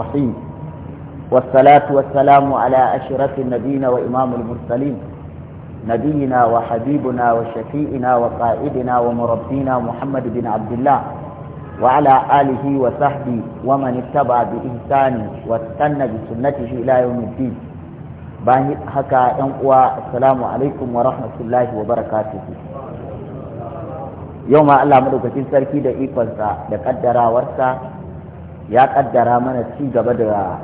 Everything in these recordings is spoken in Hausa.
الرحيم والصلاة والسلام على أشرف النبيين وإمام المرسلين نبينا وحبيبنا وشفيئنا وقائدنا ومربينا محمد بن عبد الله وعلى آله وصحبه ومن اتبع بإحسان واستنى بسنته إلى يوم الدين باهي حكا ينقوى السلام عليكم ورحمة الله وبركاته yau ma Allah madaukakin sarki da ikonsa da kaddarawarsa ya kaddara mana ci gaba da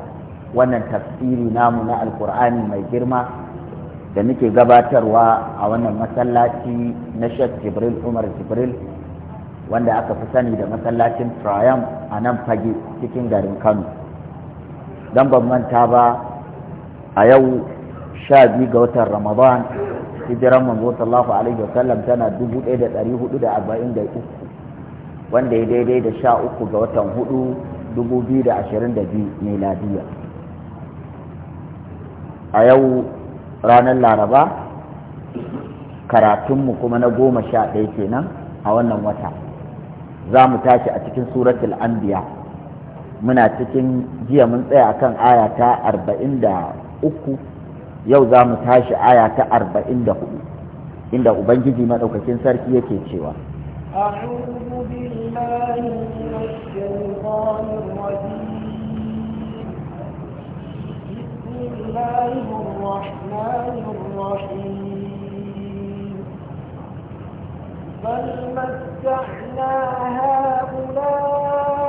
wannan tafsiri namu na alkur'ani mai girma da muke gabatarwa a wannan masallaci na Sheikh Jibril Umar Jibril wanda aka fi sani da masallacin Triumph a nan fage cikin garin Kano don ban manta ba a yau sha biyu ga watan Ramadan hijiran manzo sallallahu alaihi wasallam tana 1443 wanda ya daidai da sha uku ga watan hudu 2022 miladiya a yau ranar laraba karatunmu kuma na goma sha ɗaya kenan a wannan wata za mu tashi a cikin suratul anbiya muna cikin jiya mun tsaya akan aya ta arba'in da uku yau za mu tashi aya ta arba'in da hudu inda ubangiji maɗaukakin sarki yake cewa أعوذ بالله من الشيطان الرجيم بسم الله الرحمن الرحيم بل متعنا هؤلاء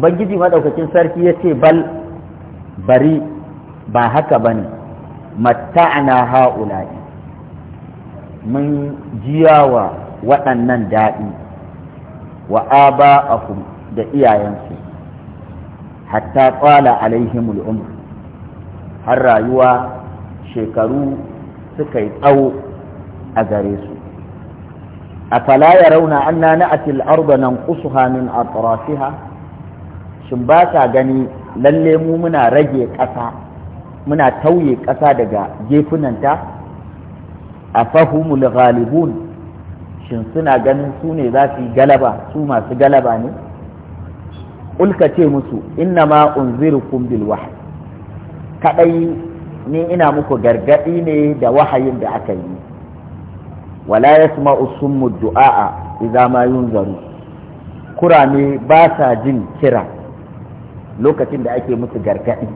ubangiji maɗaukakin sarki ya ce bal bari ba haka ba ne matta'ana ha'ula'i mun jiyawa waɗannan daɗi wa aba da iyayensu hatta ƙwala alaihimul umr har rayuwa shekaru suka yi tsawo a gare su fala ya rauna anna na'atil arda nan min atrafiha shin ba sa gani lalle mu muna rage ƙasa muna tauye ƙasa daga gefunanta a fahimul ghalibun shin suna ganin su ne za su yi galaba su masu galaba ne ulka ce musu inna ma unzirukum bil wahyi kadai ni ina muku gargadi ne da wahayin da aka yi wala yasma'u summu du'a idza ma yunzaru kurame ba sa jin kira lokacin da ake musu gargaɗi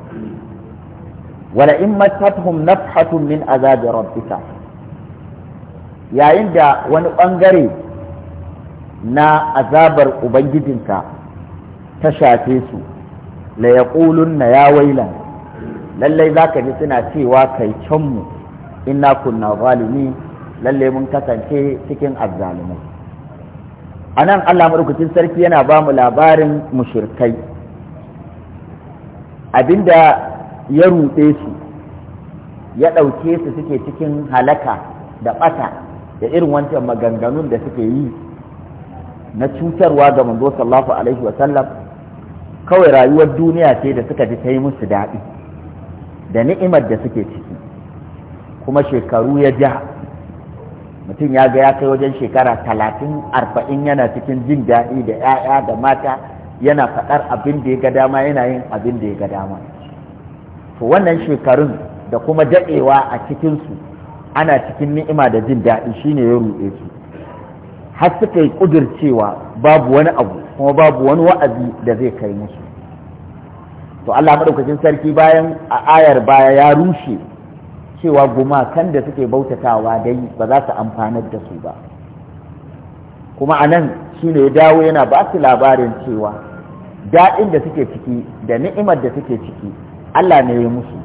wala in mattathum nafhatun min azabi rabbika yayin da wani bangare na azabar ubangijinka ta shafe su la yaqulunna ya wailan lallai zaka ji suna cewa kai canmu inna kunna zalimin lallai mun kasance cikin azzalumai a nan allah maɗaukacin sarki yana ba mu labarin mushirkai Abin da ya ruɗe su ya ɗauke su suke cikin halaka da ɓata da irin wancan maganganun da suke yi na cutarwa ga manzo sallallahu alaihi wasallam kawai rayuwar duniya ce da suka ji ta yi musu daɗi da ni'imar da suke ciki kuma shekaru ya ja mutum ya ga ya kai wajen shekara talatin arba'in yana cikin jin daɗi da 'ya'ya da mata yana faɗar abin da ya ga dama yana yin abin da ya ga dama to wannan shekarun da kuma daɗewa a cikinsu ana cikin ni'ima da jin daɗi shine ya ruɗe su har suka yi ƙudircewa babu wani abu kuma babu wani wa'azi da zai kai musu to Allah maɗaukacin sarki bayan a ayar baya ya rushe cewa gumakan da suke bautatawa dai ba za su amfanar da su ba kuma a nan shine ya dawo yana ba su labarin cewa daɗin da suke ciki da ni'imar da suke ciki Allah ne ya musu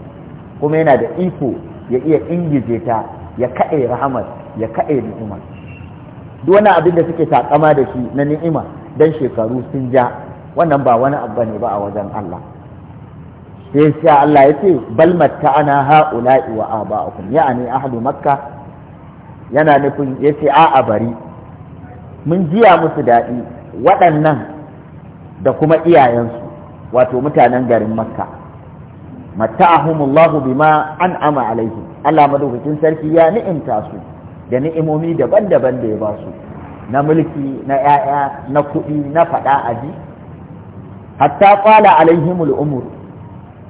kuma yana da iko ya iya ingize ta ya kaɗe rahamar ya kaɗe niima duk wani abin da suke takama da shi na ni'ima dan shekaru sun ja wannan ba wani abu ne ba a wajen Allah sai sha Allah ya ce bal ana ha'ula'i wa aba'akum ya'ani ahlu makka yana nufin yace a'a bari mun jiya musu daɗi waɗannan da kuma iyayensu wato mutanen garin makka mata'ahumullahu bima ama alaihi. Allah madaukakin sarki ya ni'imta su da ni'imomi daban-daban da ya ba su na mulki na ‘ya'ya na kuɗi na faɗa a ji. hatta fala alaihimul umur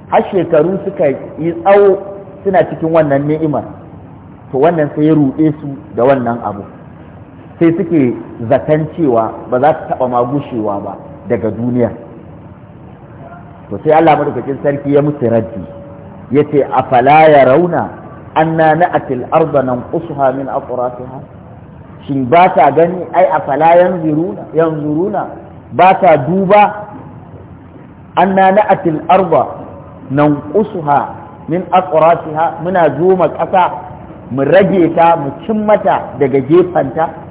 har shekaru suka yi tsawo suna cikin wannan ni'imar to wannan sai ya ruɗe su da wannan abu sai suke zaton cewa ba za ta taɓa magushewa ba daga duniya to sai Allah madaukakin sarki ya musu raddi ya ce a fala ya rauna anna na'atil arda nan usuha min aqrasiha shin ba ta gani ai a fala yanzuruna yanzuruna ba ta duba anna na'atil arda nan usuha min aqrasiha muna zo ma ƙasa mu rage ta mu cimmata daga gefanta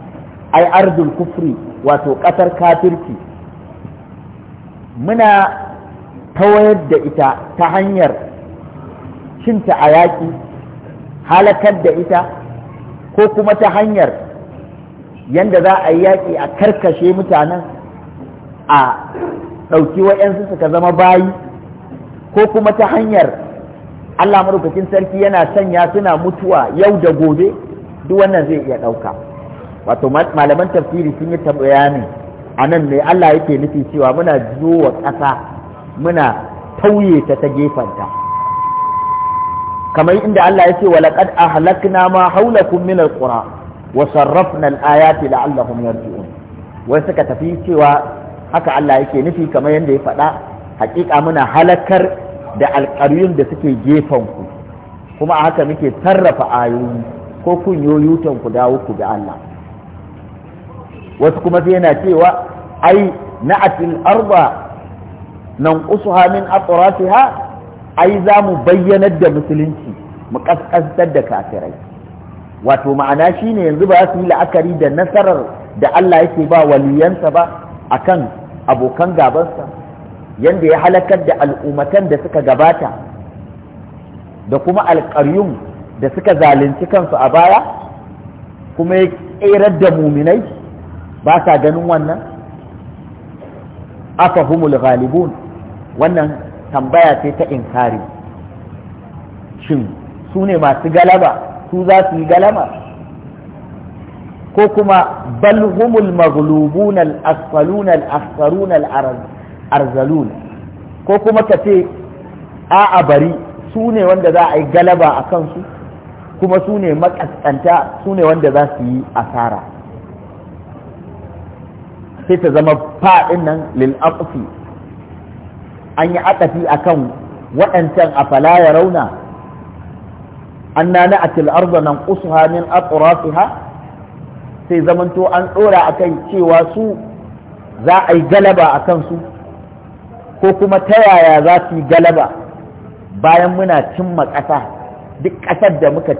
ai ardul kufri wato ƙasar kafirci muna tawayar da ita ta hanyar cinta a yaƙi halakar da ita ko kuma ta hanyar yadda za a yi yaƙi a karkashe mutanen a ɗauki wa'yansu suka zama bayi ko kuma ta hanyar Allah marukacin sarki yana sanya suna mutuwa yau da gobe duk wannan zai iya ɗauka. wato malaman tafsiri sun yi bayani a nan ne Allah yake nufi cewa muna jiyo wa ƙasa muna tauye ta ta gefanta kamar inda Allah ya ce wa laqad ahlakna ma hawlakum min alqura wa sarrafna alayati la'allahum yarji'un wai suka tafi cewa haka Allah yake nufi kamar yadda ya faɗa hakika muna halakar da alƙaryun da suke gefan ku kuma a haka muke sarrafa ayoyi ko kun yoyutan ku dawo ku ga Allah wasu kuma sai yana cewa ai na'atil arba nan usuha min atratiha ai za mu bayyanar da musulunci mu kaskantar da kafirai wato ma'ana shine yanzu ba su yi la'akari da nasarar da Allah yake ba waliyansa ba akan abokan gabansa yanda ya halakar da al'ummatan da suka gabata da kuma alƙaryun da suka zalunci kansu a baya kuma ya ƙerar da muminai ba sa ganin wannan afa humul ghalibun wannan tambaya ce ta inkari shin su ne masu galaba su za su yi galaba ko kuma bal humul maghlubun al asfalun al akhsarun arzalun ko kuma ka ce a'a bari su ne wanda za a yi galaba a kansu kuma su ne makaskanta su ne wanda za su yi asara sai ta zama fa’in nan lil aqfi an yi aqafi akan waɗancan afala ya rauna an na atil arda nan qusuha min atrafiha sai zamanto an dora akan cewa su za a yi galaba a kansu ko kuma ta yaya za su yi galaba bayan muna cimma ƙasa duk ƙasar da muka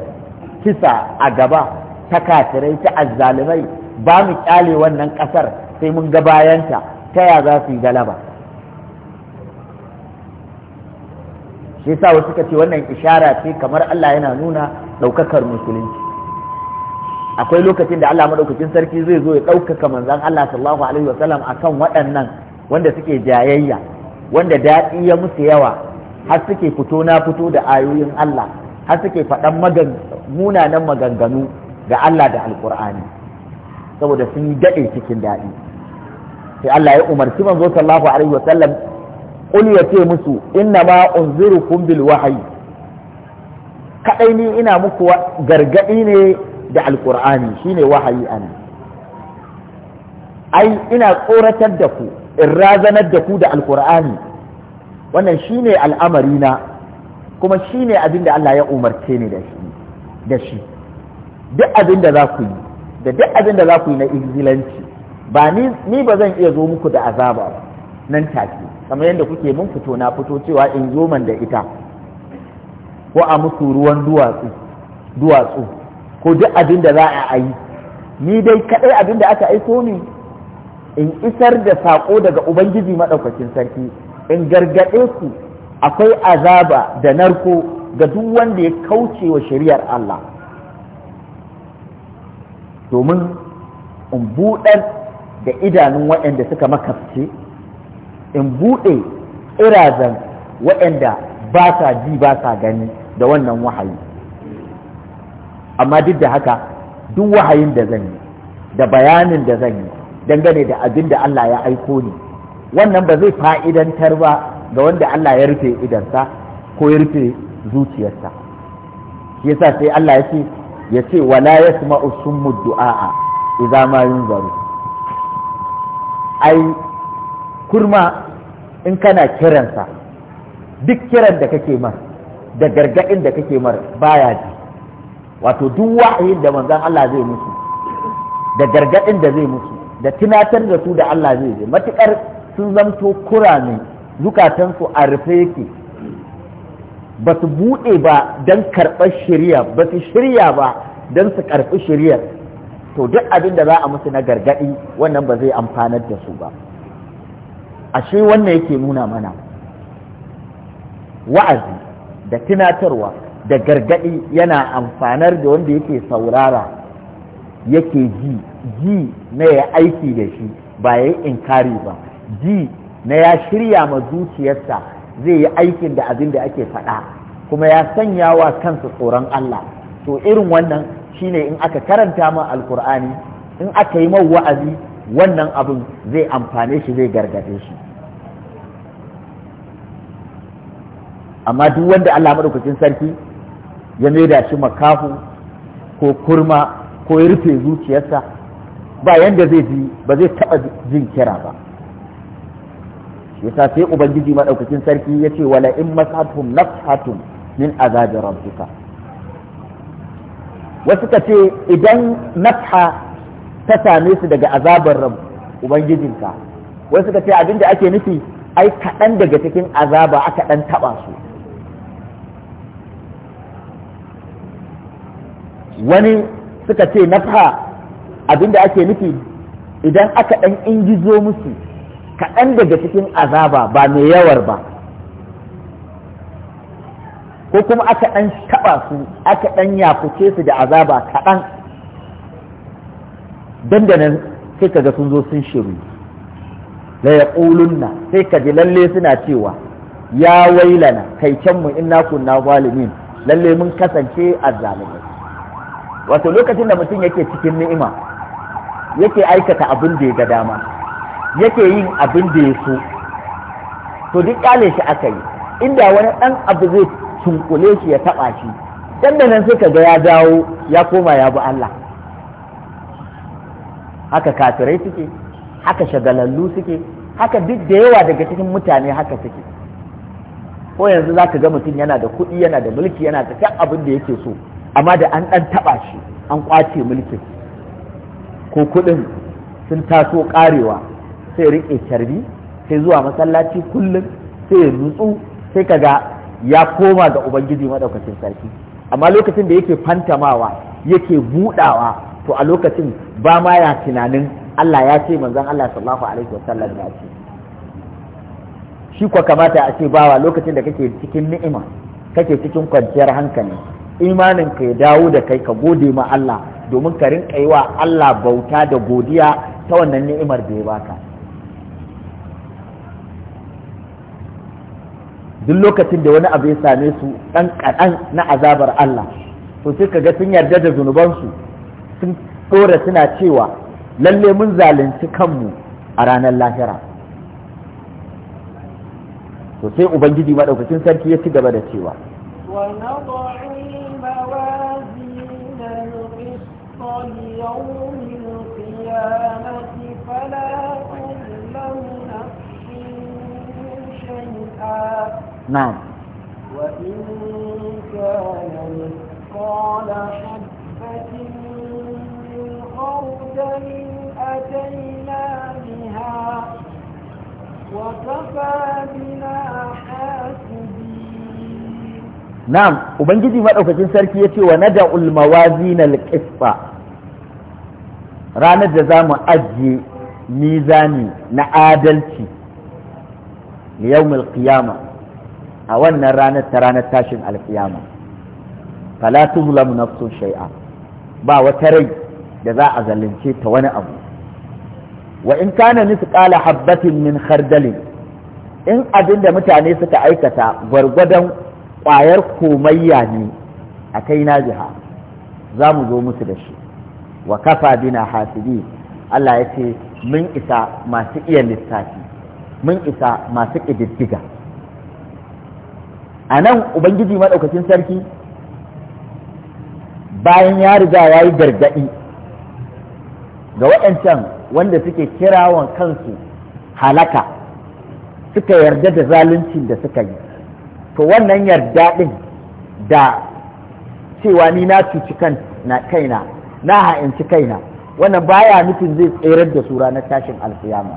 kisa a gaba ta kafirai ta azzalumai ba mu kyale wannan ƙasar sai mun ga bayanta ta ya za su yi galaba shi sa wasu suka ce wannan ishara ce kamar Allah yana nuna ɗaukakar musulunci akwai lokacin da Allah madaukakin sarki zai zo ya ɗaukaka manzan Allah sallallahu alaihi wasallam kan waɗannan wanda suke jayayya wanda daɗi ya musu yawa har suke fito na fito da ayoyin Allah har suke faɗan munanan maganganu ga Allah da alƙur'ani saboda sun yi daɗe cikin daɗi sai Allah ya umarci manzo sallallahu alaihi wa sallam qul ya ce musu inna ma unzirukum bil wahyi kadai ni ina muku gargadi ne da alqur'ani shine wahayi ana ai ina tsoratar da ku in razanar da ku da alqur'ani wannan shine al'amari na kuma shine abin da Allah ya umarce ni da shi da shi duk abin da za ku yi da duk abin da za ku yi na izilanci ba ni ba zan iya zo muku da azaba ba nan take kamar yadda kuke mun fito na fito cewa in zo man da ita ko a musu ruwan duwatsu duwatsu ko duk abin da za a yi ni dai kadai abin da aka aiko ni in isar da saƙo daga ubangiji maɗaukakin sarki in gargaɗe ku akwai azaba da narko ga duk wanda ya kauce wa shari'ar Allah domin in buɗar da idanun waɗanda suka makafce in buɗe irazan waɗanda ba sa ji ba sa gani da wannan wahayi amma duk da haka duk wahayin da zan yi da bayanin da zan yi dangane da abin da Allah ya aiko ni wannan ba zai fa'idantar ba ga wanda Allah ya rufe idansa ko ya rufe zuciyarsa shi yasa sai Allah ya ce ya ce wala yasma'u summu du'a idza ma yunzaru ai kurma in kana kiransa duk kiran da kake mar da gargaɗin da kake mar baya ji wato duk wa'ayin da manzon Allah zai musu da gargaɗin da zai musu da tunatar da su da Allah zai zai matukar sun zamto kurame zukatansu a rufe yake ba su buɗe ba don karɓar shirya ba su shirya ba don su karɓi shiryar to duk abin da za a musu na gargadi wannan ba zai amfanar da su ba ashe wannan yake nuna mana wa'azi da tunatarwa da gargadi yana amfanar da wanda yake saurara yake ji ji na ya aiki da shi ba ya yi inkari ba ji na ya shirya ma zuciyarsa zai yi aikin da abin da ake faɗa kuma ya sanya wa kansa tsoron Allah to irin wannan shine in aka karanta ma alkur'ani in aka yi man wa'azi wannan abin zai amfane shi zai gargade shi amma duk wanda Allah madaukakin sarki ya maida shi makafu ko kurma ko ya rufe zuciyarsa ba yanda zai ji ba zai taɓa jin kira ba yasa sai ubangiji madaukakin sarki ya ce wala in masatun nafhatun min azabi rabbika wasu ka ce idan nafha ta same su daga azabar rab ubangijinka wasu ka ce abinda ake nufi ai kaɗan daga cikin azaba aka ɗan taɓa su wani suka ce nafha abinda ake nufi idan aka ɗan ingizo musu kaɗan daga cikin azaba ba mai yawar ba ko kuma aka ɗan taɓa su aka ɗan yakuce su da azaba kaɗan nan sai ka ga sun zo sun shiru ya ƙulunna sai ka ji lalle suna cewa ya wailana kai mu inna kunna zalimin lalle mun kasance azzalimai wato lokacin da mutum yake cikin ni'ima yake aikata abin da ya ga dama yake yin abin da ya so to duk kyale shi aka yi inda wani ɗan abu zai tunkule shi ya taɓa shi dan da nan sai ga ya dawo ya koma ya bi Allah haka kafirai suke haka shagalallu suke haka duk da yawa daga cikin mutane haka suke ko yanzu za ka ga mutum yana da kuɗi yana da mulki yana da kan abin da yake so amma da an ɗan taɓa shi an ƙwace mulki. ko kuɗin sun taso ƙarewa sai riƙe carbi sai zuwa masallaci kullum sai ya nutsu sai ka ga ya koma ga ubangiji maɗaukacin sarki amma lokacin da yake fantamawa yake buɗawa, to a lokacin ba ma ya tunanin Allah ya ce manzon Allah sallallahu alaihi wasallam ya ce shi kwa kamata a ce bawa lokacin da kake cikin ni'ima kake cikin kwanciyar hankali imanin ka ya dawo da kai ka gode ma Allah domin ka rinka yi wa Allah bauta da godiya ta wannan ni'imar da ya baka duk lokacin da wani abu ya same su ɗan kaɗan na azabar Allah to sai kaga sun yarda da zunubansu sun ɗora suna cewa lalle mun zalunci kanmu a ranar lahira to sai ubangiji maɗaukacin sarki ya ci gaba da cewa يوم نعم وإن كان مثقال حبة من خردل أتينا بها وكفى بنا حاسبين نعم وبنجي مدوكاكين في يتي وندع الموازين القسطة ranar da za mu ajiye mizani na adalci a wannan ranar ta ranar tashin alkiyama fala tuzlamu nafsun shay'a ba wata rai da za a zalunce ta wani abu wa in kana misqala habbatin min khardalin in abin da mutane suka aikata gwargwadon ƙwayar komayya ne a kai na jiha za mu zo musu da shi wa kafa bina hasidi Allah ya ce mun isa masu iya lissafi mun isa masu ƙididdiga a nan ubangiji maɗaukacin sarki bayan ya riga ya yi gargaɗi ga waɗancan wanda suke kirawan kansu halaka suka yarda da zalunci da suka yi to wannan yarda ɗin da cewa ni na cuci kaina na ha'inci kaina wannan baya nufin zai tserar da su ranar tashin alfiyama.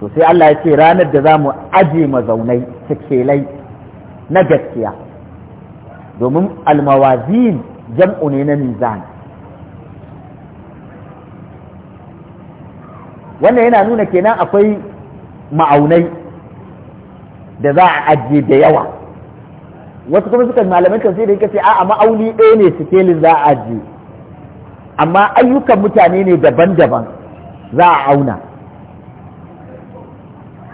to sai Allah ya ce ranar da zamu mu aje mazaunai sakelai na gaskiya domin almawazin jam'u ne na mizan wannan yana nuna kenan akwai ma'aunai da za a ajiye da yawa wasu kuma suka kan sai da yake ce a'a ma'auni ɗaya ne sikelin za a ajiye amma ayyukan mutane ne daban-daban za a auna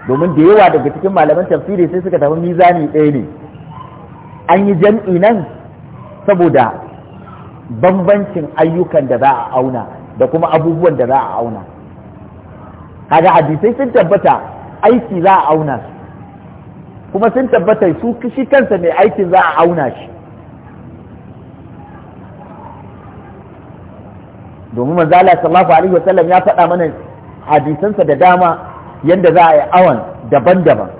domin da yawa daga cikin malaman tafsiri sai suka tafi mizani ɗaya ne an yi jam'i nan saboda bambancin ayyukan da za a auna da kuma abubuwan da za a auna kaga hadisai sun tabbata aiki za a auna su kuma sun tabbata su shi kansa mai aikin za a auna shi domin manzala sallallahu alaihi wasallam ya faɗa mana hadisansa da dama yadda za a yi awon daban-daban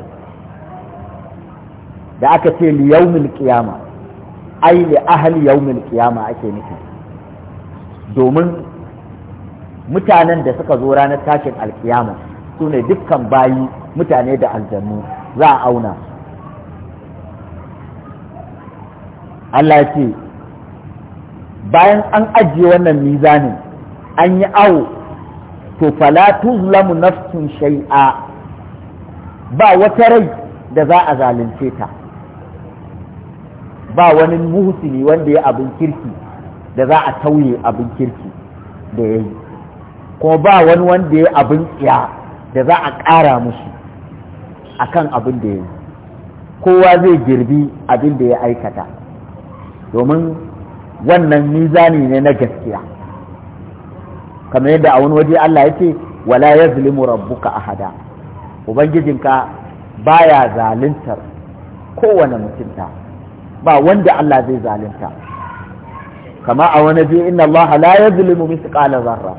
da aka ce li yawmil ai li ahli yawmil qiyama ake nufi domin mutanen da suka zo ranar tashin alkiyama sune ne dukkan bayi mutane da aljannu za a auna Allah ce bayan an ajiye wannan mizanin an yi awo to fala tuzlamu nafsun shay'a ba wata rai da za a zalunce ta ba wani musulmi wanda ya abin kirki da za a tauye abin kirki da ya yi kuma ba wani wanda ya abin tsiya da za a ƙara musu kan abin da ya yi kowa zai girbi abin da ya aikata domin wannan mizani ne na gaskiya kamar yadda a wani waje Allah ya ce wala ya zulimu rabbuka ahada ubangijinka baya zaluntar kowane mutunta ba wanda Allah zai zalunta kama a wani biyu inna Allah la yazlimu mithqala zarra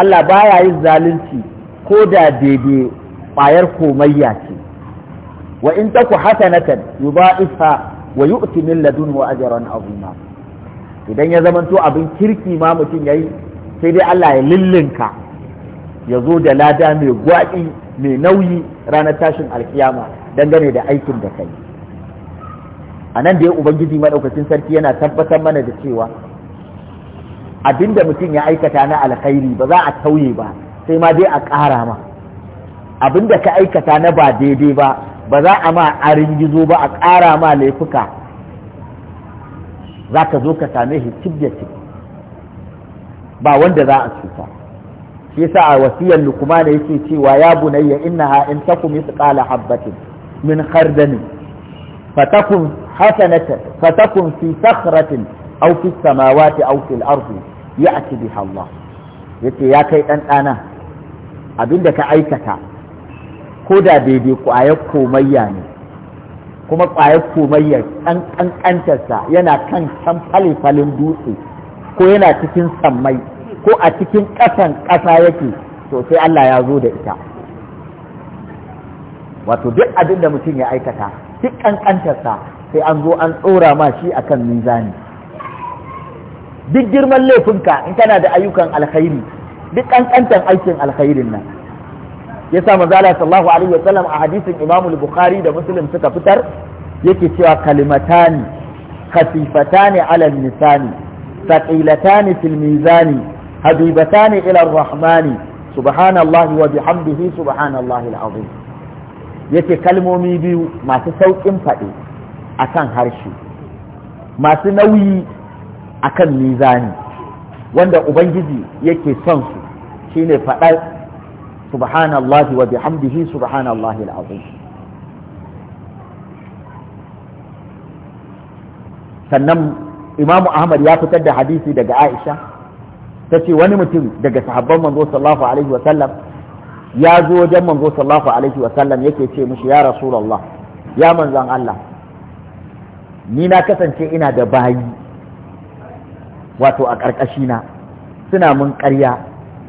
Allah baya yin zalunci ko da daidai bayar komayya ce wa in taku hasanatan yudha'ifha wa yu'ti min ladunhu ajran azima idan ya zamanto abin kirki ma mutum yayi sai dai Allah ya lillinka ya zo da lada mai gwaɗi mai nauyi ranar tashin alkiyama dangane da aikin da kai a nan da ya ubangiji maɗaukacin sarki yana tabbatar mana da cewa abinda mutum ya aikata na alkhairi ba za a tauye ba sai ma dai a ƙara ma abinda ka aikata na ba daidai ba ba za a ma arin gizo ba a ƙara ma laifuka za ka zo ka same shi cib da cib ba wanda za a cuta shi yasa a wasiyar lukuma da yake cewa ya bunayya innaha in takum misqala habbatin min khardani fatakun hasanatan fatakun fi sakhratin aw fi samawati aw fil ardi ya'ti biha Allah yace ya kai dan dana abinda ka aikata ko da daidai kwayar komayya ne kuma kwayar komayya ɗan ƙanƙantarsa yana kan can falifalin dutse ko yana cikin sammai ko a cikin ƙasan ƙasa yake to sai Allah ya zo da ita wato duk abinda da mutum ya aikata duk ƙanƙantarsa sai an zo an tsora ma shi a kan mizani duk girman laifinka in kana da ayyukan alkhairi duk ƙanƙantar aikin alkhairin nan ya sa manzala sallallahu alaihi wa sallam a hadisin imamu bukhari da muslim suka fitar yake cewa kalimatani khafifatani ala nisani thaqilatani fil mizani habibatani ila rahmani subhanallahi wa bihamdihi subhanallahi al-azim yace kalmomi biyu masu saukin faɗi akan harshe masu nauyi a kan mizani wanda ubangiji yake son su shine faɗar subhanallah wa bihamdihi subhanallah al'azim sannan imamu ahmad ya fitar da hadisi daga aisha ta ce wani mutum daga sahabban manzo sallallahu alaihi wa sallam ya zo wajen manzo sallallahu alaihi wa sallam yake ce mishi ya rasulullah ya manzon Allah ni na kasance ina da bayi wato a ƙarƙashina suna mun ƙarya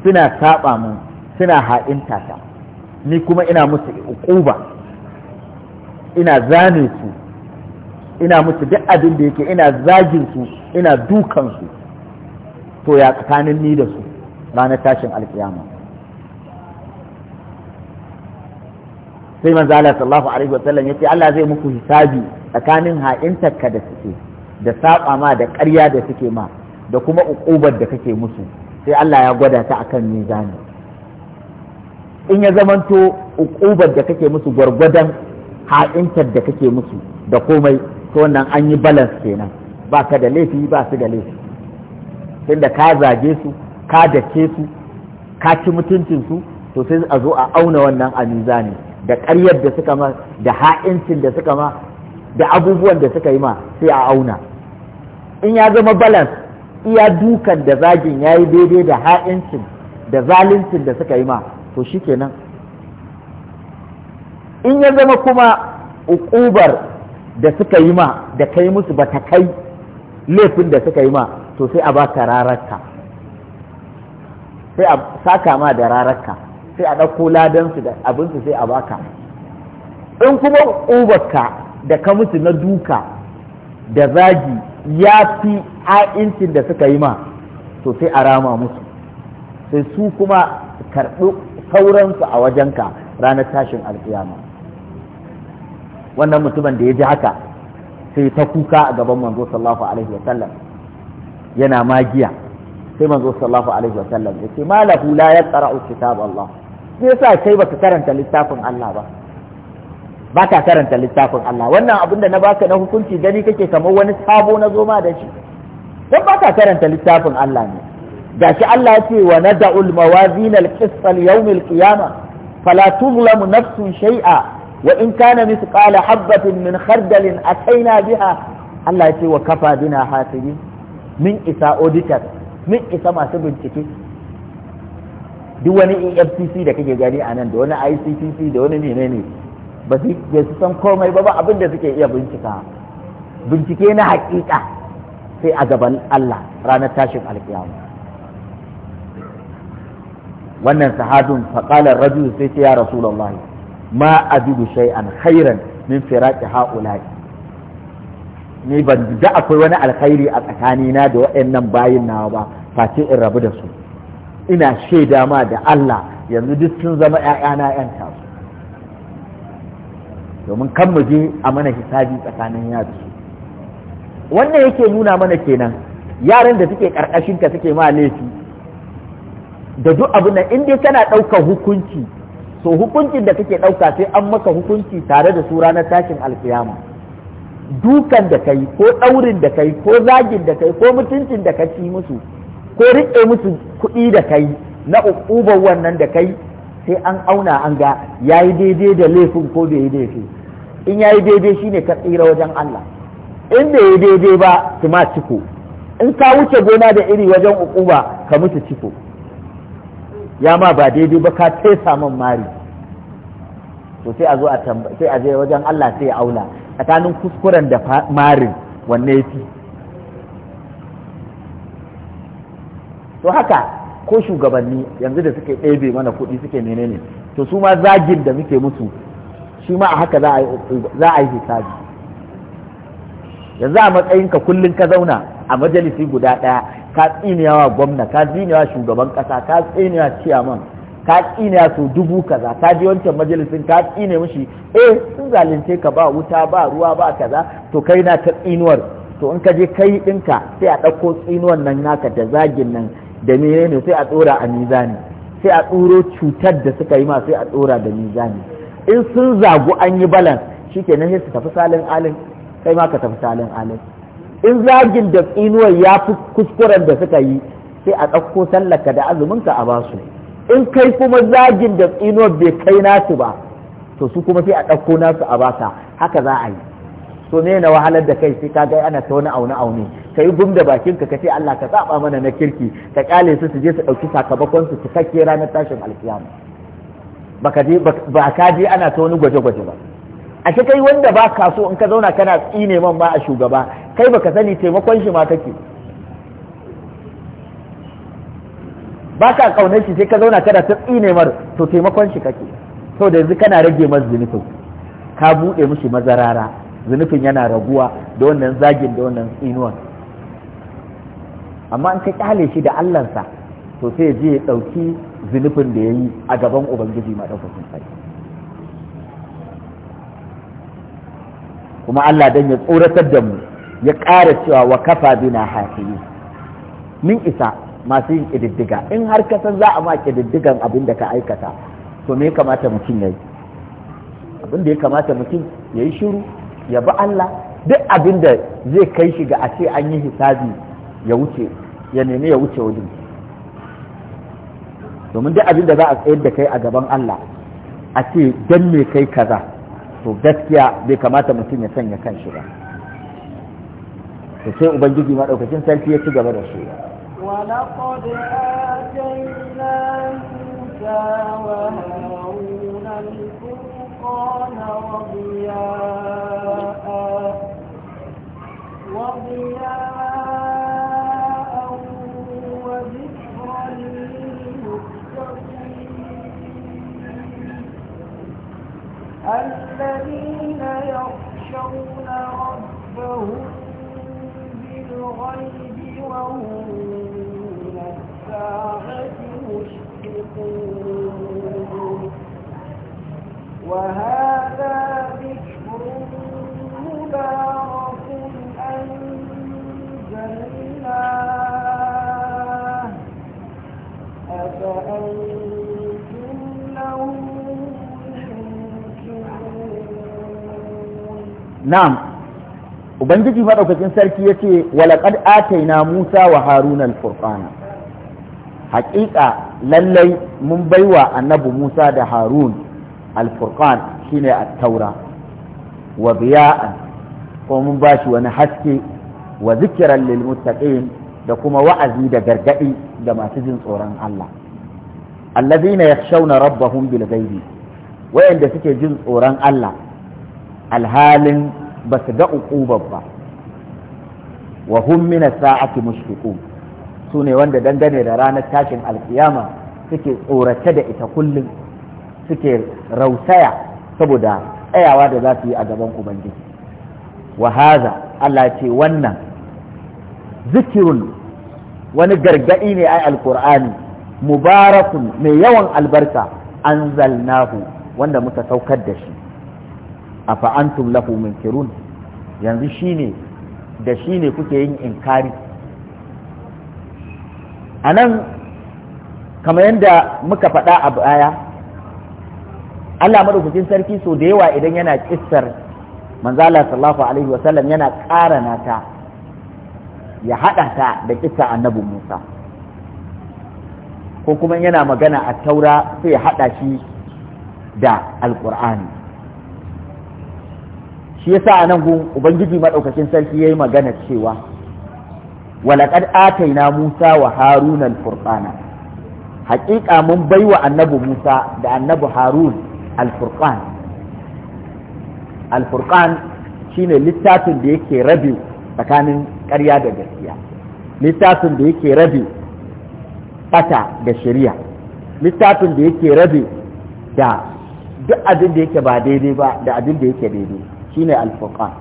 suna saɓa mun suna ha'inta ta ni kuma ina musu uquba ina zane su ina musu duk abin da yake ina zagin su ina dukan su to ya tsakanin ni da su ranar tashin alkiyama sai manzo Allah sallallahu alaihi wasallam yace Allah zai muku hisabi tsakanin ha'intarka da suke da saba ma da ƙarya da suke ma da kuma uƙubar da kake musu sai Allah ya gwada ta akan mizani in ya zamanto uƙubar da kake musu gwargwadon ha'intar da kake musu da komai to wannan an yi balance kenan ba ka da laifi ba su da laifi tunda ka zage su ka dace su ka ci mutuncinsu to sai a zo a auna wannan a mizani da ƙaryar da suka ma da ha'incin da suka ma da abubuwan da suka yi ma sai a auna in ya zama balance iya dukan da zagin ya yi daidai da ha'incin da zaluncin da suka yi ma to shikenan in ya zama kuma ukubar da suka yi ma da kai musu ba ta kai laifin da suka yi ma to sai a baka rararka sai a saka ma da rararka sai a ɗauko ladansu da abinsu sai a baka in kuma ubarka da ka na duka da zagi ya fi ha'incin da suka yi ma to sai a rama musu sai su kuma karɓi sauransu a wajenka ranar tashin alkiyama wannan mutumin da ya ji haka sai ta kuka a gaban manzo sallallahu alaihi wa sallam yana magiya sai manzo sallallahu alaihi wa sallam yace malahu la yaqra'u kitab Allah sai yasa kai baka karanta littafin Allah ba ba ka karanta littafin Allah wannan abin da na baka na hukunci gani kake kamar wani sabo na zoma da shi dan ba ka karanta littafin Allah ne gashi Allah ya ce wa nada'ul mawazin al-qist al-yawm al-qiyamah fala tuzlamu nafsun shay'a wa in kana mithqala habatin min khardalin ataina biha Allah ya ce wa kafa bina hasibi min isa auditor min isa masu bincike duk wani EFCC da kake gani a nan da wani ICCC da wani menene ba su san komai ba ba abin da suke iya bincika bincike na hakika sai a gaban Allah ranar tashin alkiyama wannan sahabin faƙalar rajul sai ce ya rasulullah ma ajidu shay'an khairan min firaqi haula'i ni ban da akwai wani alkhairi a tsakanina da waɗannan bayin nawa ba face in rabu da su ina shaida ma da Allah yanzu duk sun zama ƴaƴana ƴan tabu domin kan mu je a mana hisabi tsakanin da su wannan yake nuna mana kenan yaran da suke karkashin ka suke ma laifi da duk abu na in dai kana ɗaukar hukunci so hukuncin da kake ɗauka sai an maka hukunci tare da su ranar tashin alkiyama dukan da kai ko ɗaurin da kai ko zagin da kai ko mutuncin da ka ci musu ko riƙe musu kuɗi da kai na uban wannan da kai sai an auna an ga ya yi daidai da laifin ko bai yi daidai in ya yi daidai shine ka tsira wajen Allah in bai yi daidai ba su ma ciko in ka wuce gona da iri wajen ukuba ka mutu ciko ya ma ba daidai ba ka tesa min mari to sai a zo a sai a je wajen Allah sai ya auna tsakanin kuskuren da marin wanne yafi to haka ko shugabanni yanzu da suke ɗebe mana kuɗi suke menene to su ma zagin da muke musu shi ma a haka za a yi hisabi yanzu a matsayin ka kullum ka zauna a majalisi guda ɗaya ka tsiniyawa gwamna ka tsiniyawa shugaban ƙasa ka tsiniyawa ciyaman ka tsiniya su dubu kaza ka je wancan majalisin ka tsine mushi eh sun zalunce ka ba wuta ba ruwa ba kaza to kai na ta tsinuwar to in ka je kai ɗinka sai a ɗauko tsinuwar nan naka da zagin nan da menene sai a tsora a mizani sai a tsoro cutar da suka yi ma sai a tsora da mizani in sun zagu an yi balan shi ke nan su tafi salin alin kai ma ka tafi salin alin in zagin da tsinuwar ya fi kuskuren da suka yi sai a ɗauko sallaka da azuminka a basu in kai kuma zagin da tsinuwar bai kai nasu ba to su kuma sai a ɗauko nasu a basa haka za a yi to me na wahalar da kai sai ka ga ana ta wani aune aune ka yi gum da bakinka ka ce Allah ka tsaba mana na kirki ka kyale su su je su ɗauki sakamakon su cikakke ranar tashin alkiyama ba ka je ana ta wani gwaje-gwaje ba a ce kai wanda ba ka so in ka zauna kana tsine man ba a shugaba kai baka sani taimakon shi ma kake ba ka kaunar shi sai ka zauna kana ta tsine mar to taimakon shi kake to da yanzu kana rage mar zunufin ka buɗe mishi mazarara zunufin yana raguwa da wannan zagin da wannan tsinuwan amma in ka kyale shi da allansa to sai je ya ɗauki zunufin da ya yi a gaban ubangiji maɗaukakin sai kuma allah dan ya tsoratar da mu ya ƙara cewa wa kafa bina hafiyi min isa masu yin ƙididdiga in har ka san za a ma ƙididdigan abin da ka aikata to me kamata mutum ya yi abin da ya kamata mutum ya yi shiru ya bi allah duk abin da zai kai shi ga a ce an yi hisabi ya wuce ya nemi ya wuce wajen domin duk abin da za a tsayar da kai a gaban Allah a ce don me kai kaza to gaskiya bai kamata mutum ya sanya kan shi ba to sai ubangiji maɗaukacin sarki ya ci gaba da shi وضياء الذين يخشون ربهم بالغيب وهم من الساعة مشفقون وهذا na'am ubangiji madaukakin sarki ya ce walaqad ataina Musa wa haruna al-furqana haƙiƙa lallai mun baiwa annabi Musa da Harun al-furqan shine at-taura wa biya'an ko mun bashi wani haske wa zikran lil da kuma wa'azi da gargadi da masu jin tsoron Allah allazina yakhshawna rabbahum bil ghaibi wayanda suke jin tsoron Allah alhalin ba su ga uqubar ba wa hum min sa'ati su ne wanda dangane da ranar tashin alkiyama suke tsorace da ita kullum suke rausaya saboda tsayawa da za su yi a gaban ubangiji wa haza Allah ce wannan zikirun wani gargaɗi ne a alkur'ani mubarakun mai yawan albarka anzalnahu wanda muka saukar da shi afa antum lahu munkirun yanzu shine da shine kuke yin inkari anan kamar yadda muka faɗa a baya Allah madaukakin sarki so da yawa idan yana kissar manzala sallallahu alaihi wasallam yana ƙara ta ya haɗa ta da kissa annabi Musa ko kuma yana magana a taura sai ya haɗa shi da alƙur'ani shi yasa a nan gun ubangiji madaukakin sarki ya yi magana cewa walaqad ataina Musa wa Harun al-furqana haƙiƙa mun baiwa annabi Musa da annabi Harun al-furqan al-furqan shine littafin da yake rabi tsakanin ƙarya da gaskiya littafin da yake rabi ɓata da shari'a littafin da yake rabi da duk abin da yake ba daidai ba da abin da yake daidai shine al-furqan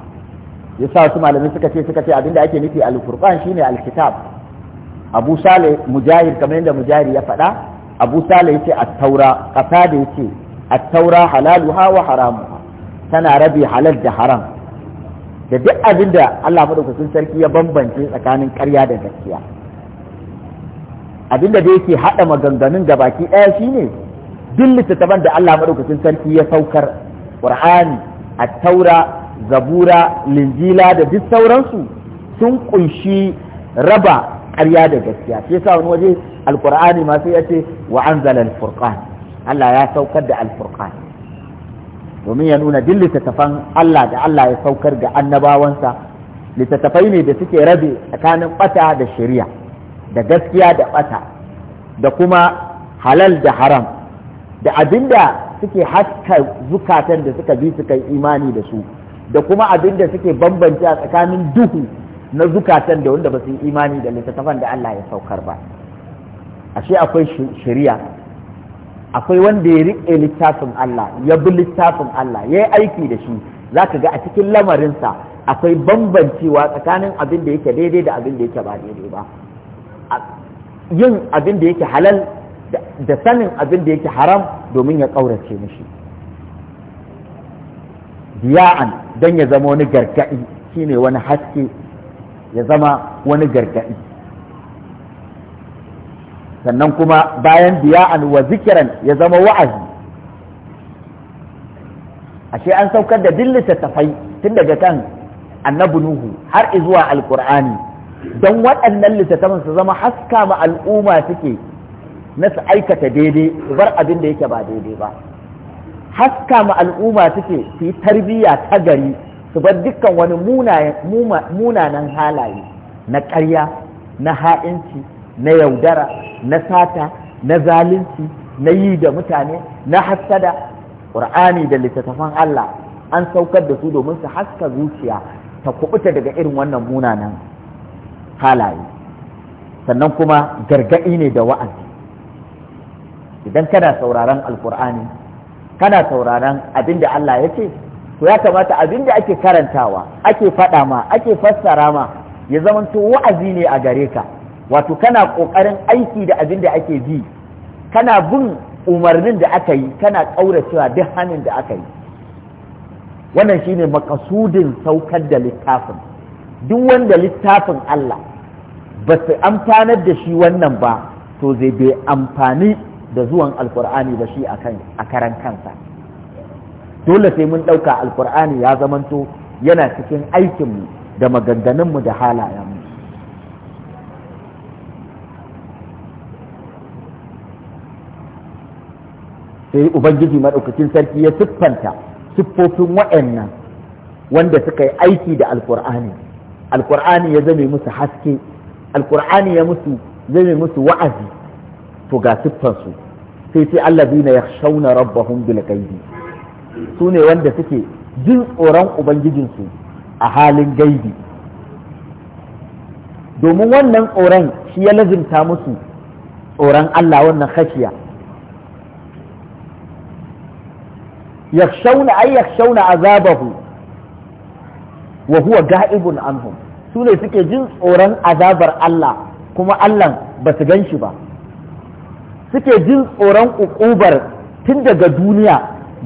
yasa su malamai suka ce suka ce abinda ake nufi al-furqan shine al-kitab Abu sale Mujahid kamar yadda Mujahid ya faɗa Abu sale yace at-taura kasa da yace at-taura halaluha wa haramuha tana rabi halal da haram da duk abinda Allah madaukakin sarki ya bambance tsakanin ƙarya da gaskiya abinda da yake haɗa maganganun gabaki ɗaya shine duk littattafan da Allah madaukakin sarki ya saukar Qur'ani attaura zabura linjila da duk sauransu sun kunshi raba ƙarya da gaskiya shi yasa wani waje alqur'ani ma sai ya ce wa anzala alfurqan Allah ya saukar da alfurqan domin ya nuna duk littattafan Allah da Allah ya saukar ga annabawansa littattafai ne da suke rabe tsakanin bata da shari'a da gaskiya da bata da kuma halal da haram da abinda suke haska zukatan da suka bi suka imani da su da kuma abin da suke bambanci a tsakanin duhu na zukatan da wanda ba su yi imani da littattafan da Allah ya saukar ba ashe akwai shari'a akwai wanda ya riƙe littafin Allah ya bi littafin Allah ya yi aiki da shi za ka ga a cikin lamarinsa akwai bambancewa tsakanin abin da yake daidai da abin da yake ba daidai ba yin abin da yake halal da sanin abin da yake haram domin ya ƙaurace mishi diya'an don ya zama wani gargaɗi shine wani haske ya zama wani gargaɗi sannan kuma bayan diya'an wa zikiran ya zama wa'azi ashe an saukar da duk littattafai tun daga kan annabi nuhu har zuwa Alƙur'ani. don waɗannan littattafan su zama haska ma al'umma suke na su aikata daidai su bar abin da yake ba daidai ba haska ma al'umma suke su yi tarbiyya ta gari su bar dukkan wani munanan halaye na ƙarya na ha'inci na yaudara na sata na zalunci na yi da mutane na hassada ƙur'ani da littattafan Allah an saukar da su domin su haska zuciya ta kubuta daga irin wannan munanan halaye sannan kuma gargaɗi ne da wa'azi idan kana sauraron alkur'ani kana sauraron abin da Allah ya ce to ya kamata abin da ake karantawa ake faɗa ma ake fassara ma ya zamanto wa'azi ne a gare ka wato kana ƙoƙarin aiki da abin da ake bi kana bin umarnin da aka yi kana ƙauracewa duk hannun da aka yi wannan shine makasudin saukar da littafin duk wanda littafin Allah ba su amfanar da shi wannan ba to zai bai amfani da zuwan alkur'ani ba shi a karan kansa dole sai mun ɗauka alkur'ani ya zamanto yana cikin aikinmu da maganganunmu da halayenmu sai ubangiji maɗaukacin sarki ya siffanta siffofin wa'annan wanda suka yi aiki da alkur'ani alkur'ani ya zame musu haske alkur'ani ya musu zame musu wa'azi to ga siffansu sai ce allazina yakhshawna rabbahum bil ghaibi su ne wanda suke jin tsoron ubangijinsu a halin gaibi domin wannan tsoron shi ya lazimta musu tsoron Allah wannan khashiya yakhshawna ay yakhshawna azabahu wa huwa ga'ibun anhum su ne suke jin tsoron azabar Allah kuma Allah ba su gan shi ba suke jin tsoron ukubar tun daga duniya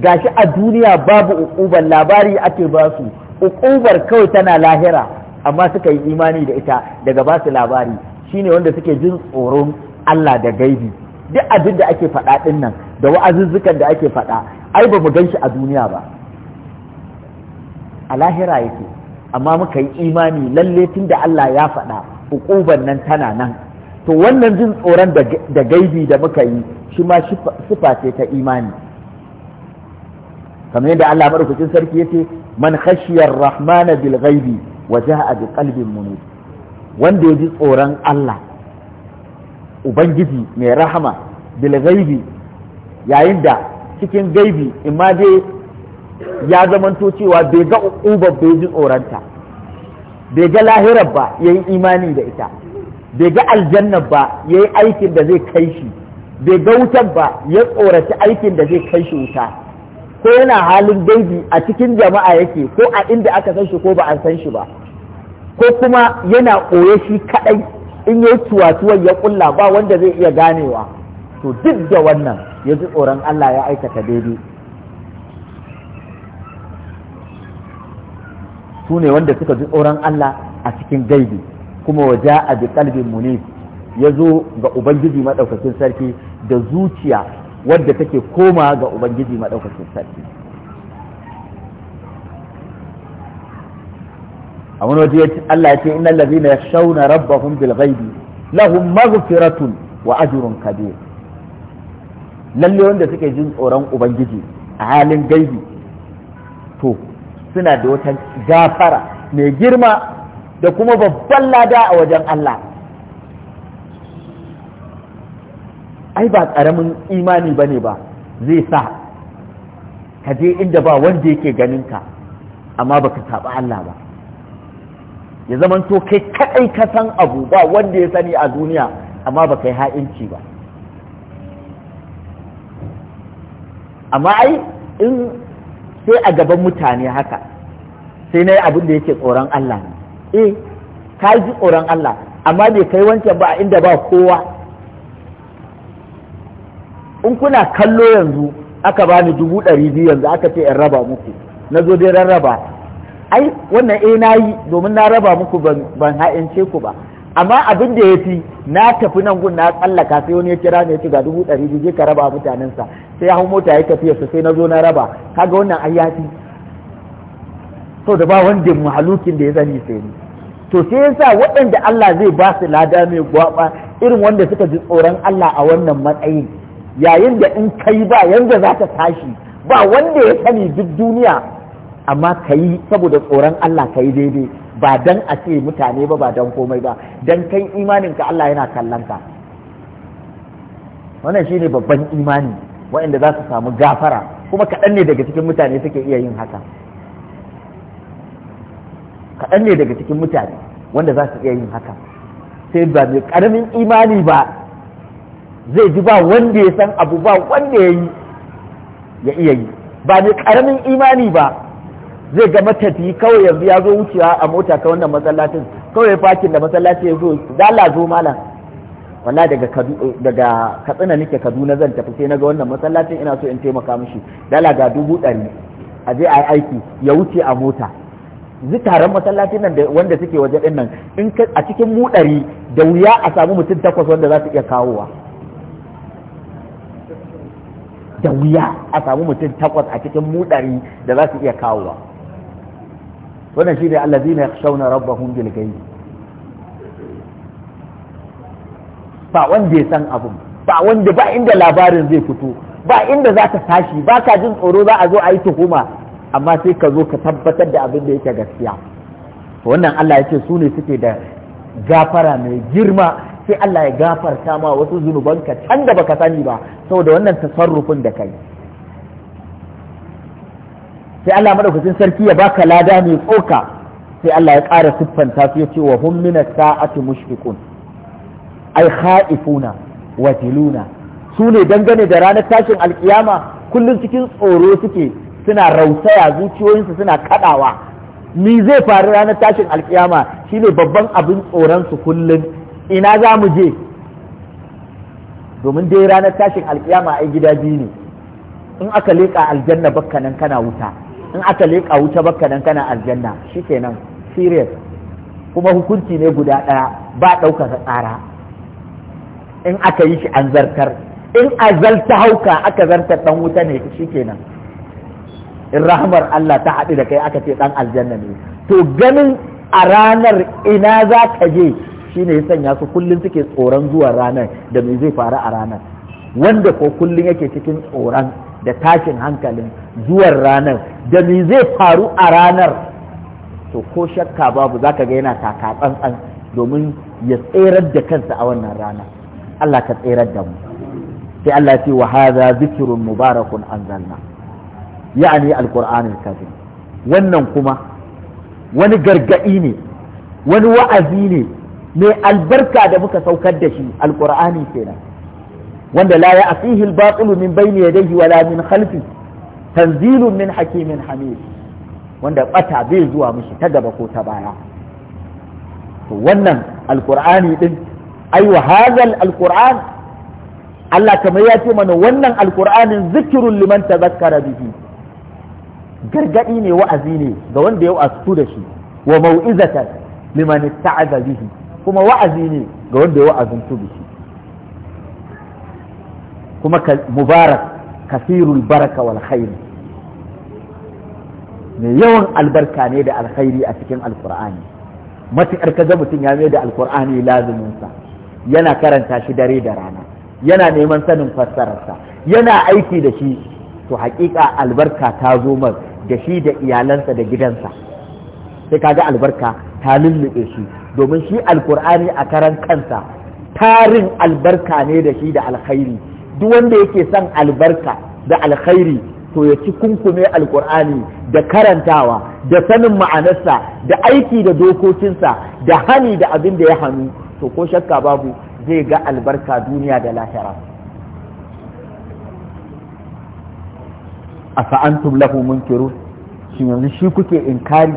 ga shi a duniya babu ukubar labari ake ba su ukubar kawai tana lahira amma suka yi imani da ita daga ba su labari shine wanda suke jin tsoron Allah da gaibi duk abin da ake faɗa ɗin nan da wa'azuzzukan da ake faɗa ai ba mu ganshi a duniya ba a lahira yake amma muka yi imani lalle tun da Allah ya faɗa uƙubar nan tana nan to wannan jin tsoron da gaibi da muka yi shi ma sifa ce ta imani kamar yadda Allah madaukakin sarki yace man khashiyar rahmana bil ghaibi wa jaa bi qalbin munib wanda ya ji tsoron Allah ubangiji mai rahama bil ghaibi yayin da cikin gaibi imma dai ya zamanto cewa bai ga uba bai ji tsoronta bai ga lahirar ba ya yi imani da ita bai ga aljanna ba yayi aikin da zai kai shi bai ga wutar ba ya tsoraci aikin da zai kai shi wuta ko yana halin gaibi a cikin jama'a yake ko a inda aka san shi ko ba an san shi ba ko kuma yana koye shi kadai in yayi tuwatuwar ya kulla ba wanda zai iya ganewa to duk da wannan ya ji tsoron Allah ya aikata daidai su ne wanda suka ji tsoron Allah a cikin gaibi kuma waja a bi kalbin munib ya zo ga ubangiji maɗaukakin sarki da zuciya wadda take koma ga ubangiji maɗaukakin sarki a wani waje Allah ya ce innal ladhina yakhshawna Rabba bil ghaibi lahum maghfiratun wa ajrun kabir lalle wanda suke jin tsoron ubangiji a halin gaibi to suna da wata gafara mai girma da kuma babban lada a wajen Allah ai ba ƙaramin imani ba ne ba zai sa ka je inda ba wanda yake ganinka amma ba ka taɓa Allah ba ya zamanto kai kaɗai ka san abu ba wanda ya sani a duniya amma ba yi ha'inci ba amma ai in sai a gaban mutane haka sai na yi abin da yake tsoron Allah ne eh ka ji tsoron Allah amma bai kai wancan ba a inda ba kowa in kuna kallo yanzu aka bani dubu ɗari biyu yanzu aka ce in raba muku na zo dai rarraba ai wannan eh na yi domin na raba muku ban ha'ince ku ba amma abin da ya fi na tafi nan gun na tsallaka sai wani ya kira ne ya ce ga dubu ɗari biyu je ka raba mutanensa sai ya hau mota ya tafiya su sai na zo na raba kaga wannan ai ya da ba wanda mahalukin da ya zani sai ni to sai yasa waɗanda Allah zai ba su lada mai gwaba irin wanda suka ji tsoron Allah a wannan matsayin yayin da in kai ba yanda za ta tashi ba wanda ya sani duk duniya amma ka yi saboda tsoron Allah ka yi daidai ba dan a ce mutane ba ba dan komai ba dan kai imanin ka Allah yana kallon ka wannan shine babban imani waɗanda za su samu gafara kuma kaɗan ne daga cikin mutane suke iya yin haka kaɗan ne daga cikin mutane wanda za su iya yin haka sai ba mai ƙaramin imani ba zai ji ba wanda ya san abu ba wanda ya yi ya iya yi ba mai ƙaramin imani ba zai ga matafi kawai yanzu ya zo wucewa a mota ta wannan masallacin kawai fakin da masallaci ya zo dala zo malam walla daga katsina nake kaduna zan tafi sai naga wannan masallacin ina so in taimaka mishi dala ga dubu ɗari a je a yi aiki ya wuce a mota zitaren masallacin nan wanda suke waje din nan in a cikin muɗari da wuya a samu mutum takwas wanda za su iya kawowa da wuya a samu mutum takwas a cikin muɗari da za su iya kawowa wannan shi ne allazina yakhshawna rabbahum bil ghaib ba wanda ya san abu, ba wanda ba inda labarin zai fito ba inda za ta tashi ba ka jin tsoro za a zo a yi tuhuma amma sai ka zo ka tabbatar da abin da yake gaskiya wannan Allah ya ce su ne suke da gafara mai girma sai Allah ya gafarta ma wasu zunubanka can da baka sani ba saboda wannan tasarrufin da kai sai Allah madaukakin sarki ya baka lada mai tsoka sai Allah ya ƙara siffanta su ya ce wa hum min sa'ati mushfiqun ai khaifuna wa tiluna su ne dangane da ranar tashin alkiyama kullum cikin tsoro suke suna rausaya zuciyoyinsu suna kadawa ni zai faru ranar tashin alkiyama shine babban abin tsoron su kullum ina za mu je domin dai ranar tashin alkiyama ai gida biyu ne in aka leƙa aljanna bakka nan kana wuta in aka leƙa wuta bakka nan kana aljanna shikenan serious kuma hukunci ne guda ɗaya ba ɗaukaka tsara in aka yi shi an zartar in a zalta hauka aka zartar ɗan wuta ne shikenan in rahmar Allah ta haɗu da kai aka ce ɗan aljanna ne to ganin a ranar ina za ka je shine ya sanya su kullum suke tsoron zuwa ranar da me zai faru a ranar wanda ko kullum yake cikin tsoron da tashin hankalin zuwan ranar da me zai faru a ranar to ko shakka babu za ka ga yana taka tsantsan domin ya tserar da kansa a wannan rana Allah ka tserar da mu sai Allah ya ce wa hadha zikrun mubarakun anzalna ya'ani alqur'anul karim wannan kuma wani gargaɗi ne wani wa'azi ne mai albarka da muka saukar da shi alqur'ani kenan wanda la ya'tihi al-batilu min bayni yadayhi wala min khalfi tanzilun min hakimin hamid wanda bata bai zuwa mishi ta gaba ko ta baya to wannan alqur'ani ɗin, ai wa hadhal alqur'an Allah kamar ya ce mana wannan alqur'anin zikrun limanta tazakkara bihi gargadi ne wa'azi ne ga wanda ya wa'azu da shi wa mau'izatan liman ista'aza bihi kuma wa'azi ne ga wanda ya wa'azantu da shi kuma mubarak kasirul baraka wal khair mai yawan albarka ne da alkhairi a cikin alƙur'ani matuƙar kaga mutum ya mai da alkur'ani lazuminsa yana karanta shi dare da rana yana neman sanin fassararsa yana aiki da shi to haƙiƙa albarka ta zo da shi da iyalansa da gidansa sai kaga albarka ta lulluɓe shi domin shi alkur'ani a karan kansa tarin albarka ne da shi da alkhairi duk wanda yake son albarka da alkhairi to ya ci kunkume alkur'ani da karantawa da sanin ma'anarsa da aiki da dokokinsa da hani da abin da ya hannu to ko shakka babu zai ga albarka duniya da lahira afa'antum lahu munkirun shi yanzu shi kuke inkari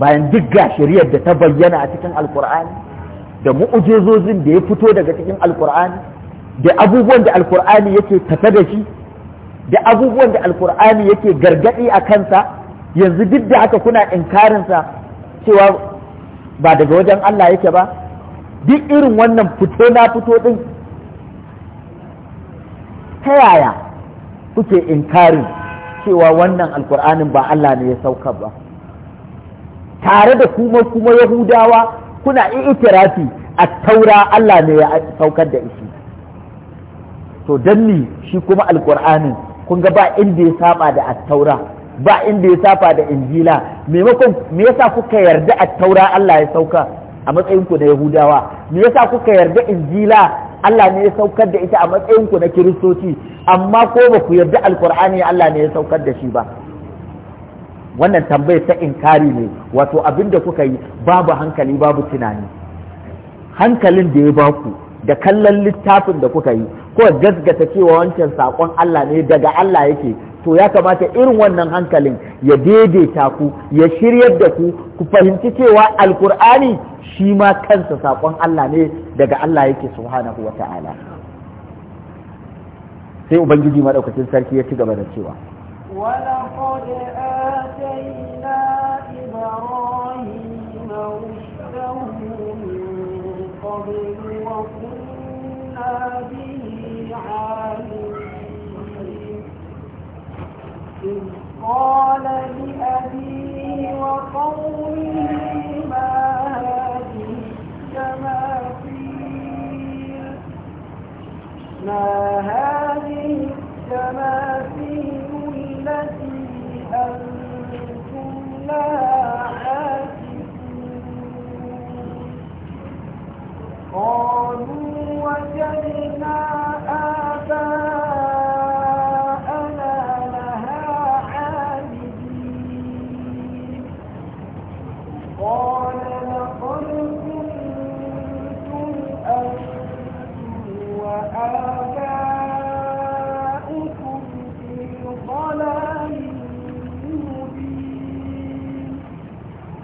bayan duk ga shari'ar da ta bayyana a cikin alkur'ani da mu'ujizozin da ya fito daga cikin alkur'ani da abubuwan da alkur'ani yake tafe da shi da abubuwan da alkur'ani yake gargadi a kansa yanzu duk da aka kuna inkarinsa cewa ba daga wajen Allah yake ba duk irin wannan fito na fito din ta yaya kuke inkarin cewa wannan alkur'anin ba Allah ne ya sauka ba tare da kuma kuma yahudawa kuna itirafi a taura Allah ne ya saukar da ishi to danni shi kuma alkur'anin kun ga ba inda ya saba da attaura ba inda ya saba da injila maimakon me yasa kuka yarda At-taura Allah ya sauka a matsayin ku da yahudawa me yasa kuka yarda injila Allah ne ya saukar da ita a matsayinku na kiristoci amma ko ba ku yarda alkur'ani Allah ne ya saukar da shi ba wannan tambayar ta inkari ne wato abin da kuka yi babu hankali babu tunani hankalin da ya baku da kallon littafin da kuka yi ko gasgata cewa wancan saƙon Allah ne daga Allah yake to ya kamata irin wannan hankalin ya daidaita ku ya shiryar da ku ku fahimci cewa alkur'ani shi ma kansa saƙon Allah ne daga Allah yake subhanahu wa ta'ala sai ubangiji maɗaukacin sarki ya ci gaba da cewa وكنا به عالمين إذ قال لأبيه وقومه ما هذه التماثيل ما هذه التماثيل التي أنتم لها عاكفون قالوا وجدنا آباءنا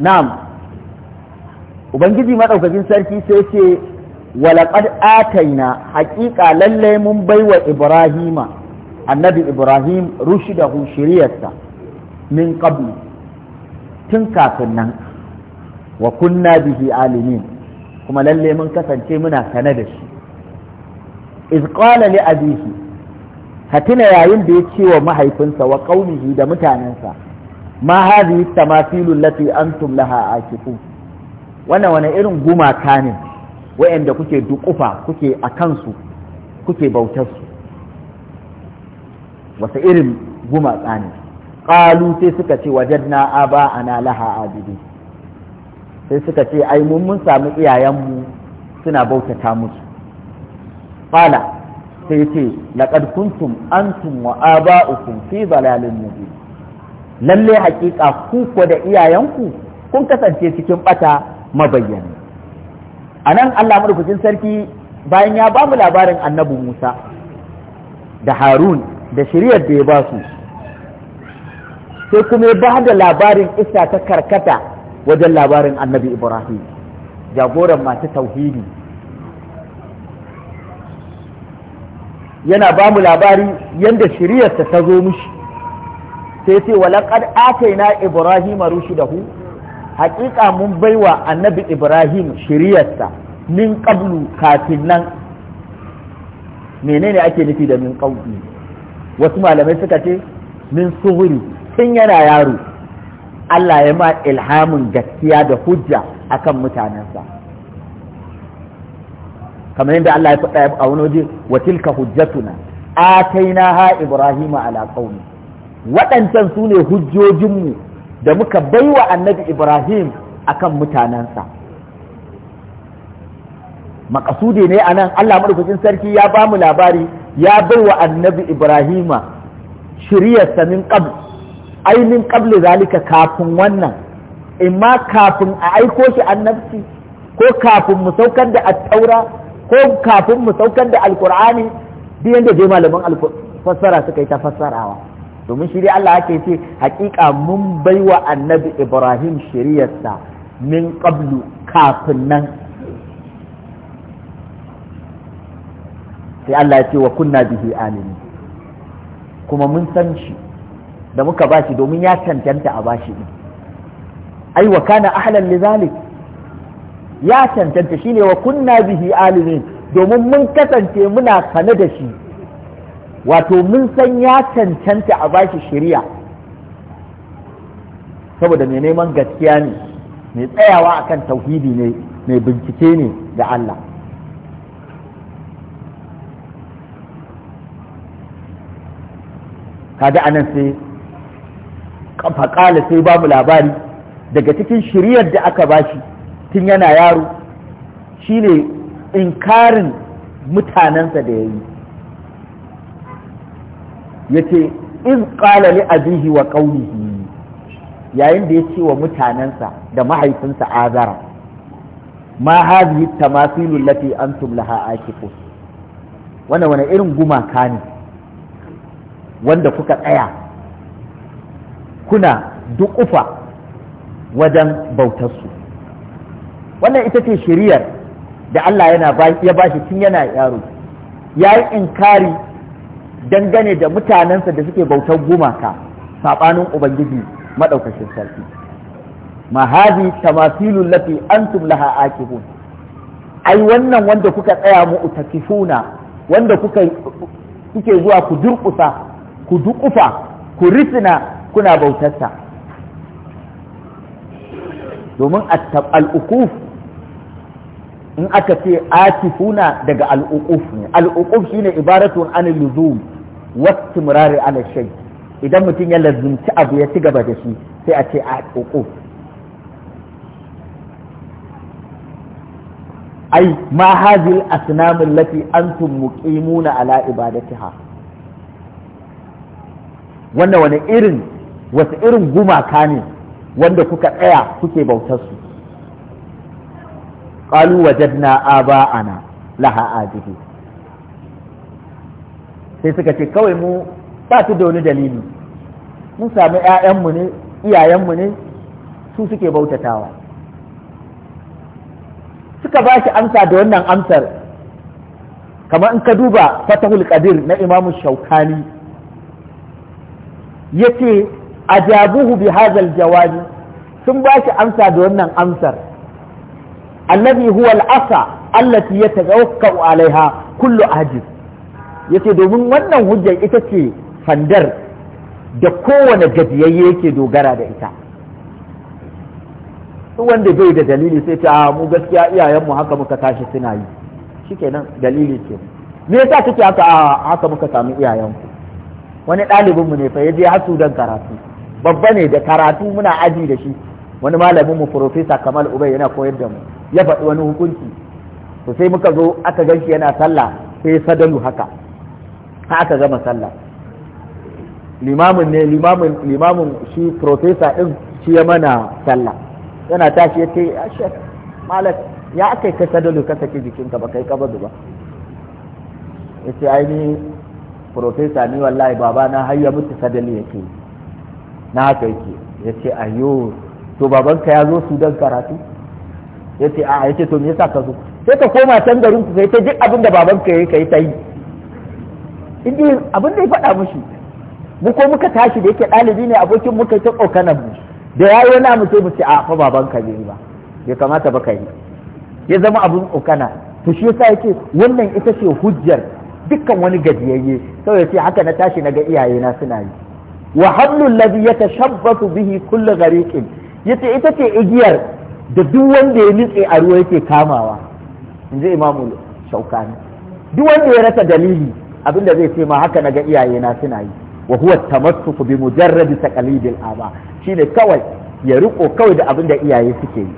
na'am ubangiji madaukakin sarki sai ce walaqad ataina haƙiƙa lalle mun baiwa ibrahima annabi ibrahim rushdahu shiriyarsa min qabl tun kafin nan wa kunna bihi alimin kuma lalle mun kasance muna sane da shi iz qala li abihi hatina yayin da ya ce wa mahaifinsa wa qaumihi da mutanensa ma hadhihi tamathil allati antum laha akifun wannan wani irin gumaka ne wa'anda kuke dukufa kuke a kansu kuke bautar su wata irin gumaka ne qalu sai suka ce wajadna aba ana laha abidi sai suka ce ai mun mun samu iyayenmu suna bautata musu qala sai ce laqad kuntum antum wa aba'ukum fi dalalin mubin lalle hakika ku ko da iyayenku kun kasance cikin bata mabayyana anan Allah madaukakin sarki bayan ya ba mu labarin annabi Musa da Harun da shiriyar da ya ba su sai kuma ya ba da labarin isa ta karkata wajen labarin annabi Ibrahim jagoran masu tauhidi yana ba mu labari yadda shiriyarsa ta zo mushi sai ce Ibrahim ataina ibrahima hu? haƙiƙa mun baiwa annabi ibrahim shiriyarsa min ƙablu kafin nan menene ake nufi da min qablu wasu malamai suka ce min suhuri tun yana yaro Allah ya ma ilhamin gaskiya da hujja akan mutanensa kamar yadda Allah ya faɗa a wani waje wa tilka hujjatuna ha ibrahima ala qaumi waɗancan su ne hujjojinmu da muka bai wa annabi ibrahim a akan mutanensa makasude ne a nan allah maɗaukacin sarki ya ba mu labari ya baiwa annabi ibrahima shiryarsa min ƙabu ainihin qabli zalika kafin wannan imma kafin a aiko shi annabci ko kafin mu saukar da attaura ko kafin mu saukar da alkur'ani duk yanda je malaman fassara suka yi ta fassarawa domin shirya Allah ake ce hakika mun baiwa annabi Ibrahim shiriyarsa min qablu kafin nan sai Allah ya ce wa kunna bihi alimi kuma mun san shi da muka bashi domin ya cancanta a bashi din ai wa kana ahlan lidhalik ya cancanta shine wa kunna bihi alimin domin mun kasance muna sane da shi wato mun san ya cancanta a bashi shari'a saboda mai neman gaskiya ne mai tsayawa akan tauhidi ne mai bincike ne da Allah kaga anan sai faƙala sai bamu labari daga cikin shiriyar da aka bashi tun yana yaro shine inkarin mutanensa da ya yi yace iz qala li abihi wa qawlihi yayin da yace wa mutanansa da mahaifinsa azara ma hadhihi tamasilu allati antum laha akifun wannan wani irin gumaka ne wanda kuka tsaya kuna duƙufa wajen bautarsu wannan ita ce shiriyar da Allah yana ya bashi tun yana yaro ya yi inkari dangane da mutanensa da suke bautar gumaka saɓanin ubangiji maɗaukacin sarki ma hazi tamasilul lati antum laha akifun ai wannan wanda kuka tsaya mu utakifuna wanda kuka kuke zuwa ku durƙusa ku duƙufa ku risina kuna bautarsa domin al'ukuf in aka ce atifuna daga al'ukuf ne al'ukuf shine ibaratun anil luzum wasu murari ala shai idan mutum ya lazumci abu ya ci gaba da shi sai a ce a ƙoƙo ai ma hazil asnamin lati antum muqimuna ala ibadatiha wannan wani irin wasu irin gumaka ne wanda kuka tsaya kuke bautar su qalu wajadna aba'ana laha ajibi sai suka ce kawai mu ba su da wani dalili mun sami ‘ya'yanmu ne iyayenmu ne su suke bautatawa suka ba shi amsa da wannan amsar kamar in ka duba fatahul qadir na imamu shaukani ya ce a jabuhu bi hazal jawabi sun ba shi amsa da wannan amsar allazi huwa al'asa allati yatawakkau alaiha kullu ajiz yace domin wannan hujjar ita ce fandar da kowane gajiyayye yake dogara da ita wanda bai da dalili sai ta mu gaskiya iyayenmu haka muka tashi suna yi shikenan dalili ce me yasa kake haka A haka muka samu iyayenku wani ɗalibinmu ne fa ya je su dan karatu babba ne da karatu muna aji da shi wani malamin mu profesa Kamal Ubay yana koyar da mu ya faɗi wani hukunci to sai muka zo aka ganshi yana sallah sai sadalu haka aka gama sallah limamin ne limamin limamin shi professor din shi ya mana sallah yana tashi ya ce ya shek malak ya aka ka sadalu ka saki jikinka ba kai bazu ba ya ce ai ni professor ni wallahi baba na har ya mutu sadali yake na haka yake ya ce ayo to babanka ya zo su don karatu ya ce a ya ce to me yasa ka zo sai ka koma can garin ku sai ta duk abin da babanka ka yi ta yi inda abin da ya faɗa mushi mu ko muka tashi da yake ɗalibi ne abokin muka ta tsokanan mu da yi wani mu sai mu ce a fa baban ka yi ba Ya kamata ba ka yi. ya zama abin tsokana to shi yasa yake wannan ita ce hujjar dukkan wani gajiyayye sau ya ce haka na tashi na ga na suna yi wa ya ta shabbatu bihi kulle kullu Ya ce ita ce igiyar da duk wanda ya nutse a ruwa yake kamawa In ji imamu shaukani duk wanda ya rasa dalili abinda zai ce ma haka naga iyaye na suna yi wa huwa tamassuku bi mujarradi taqalidil aba shine kawai ya riko kawai da abinda iyaye suke yi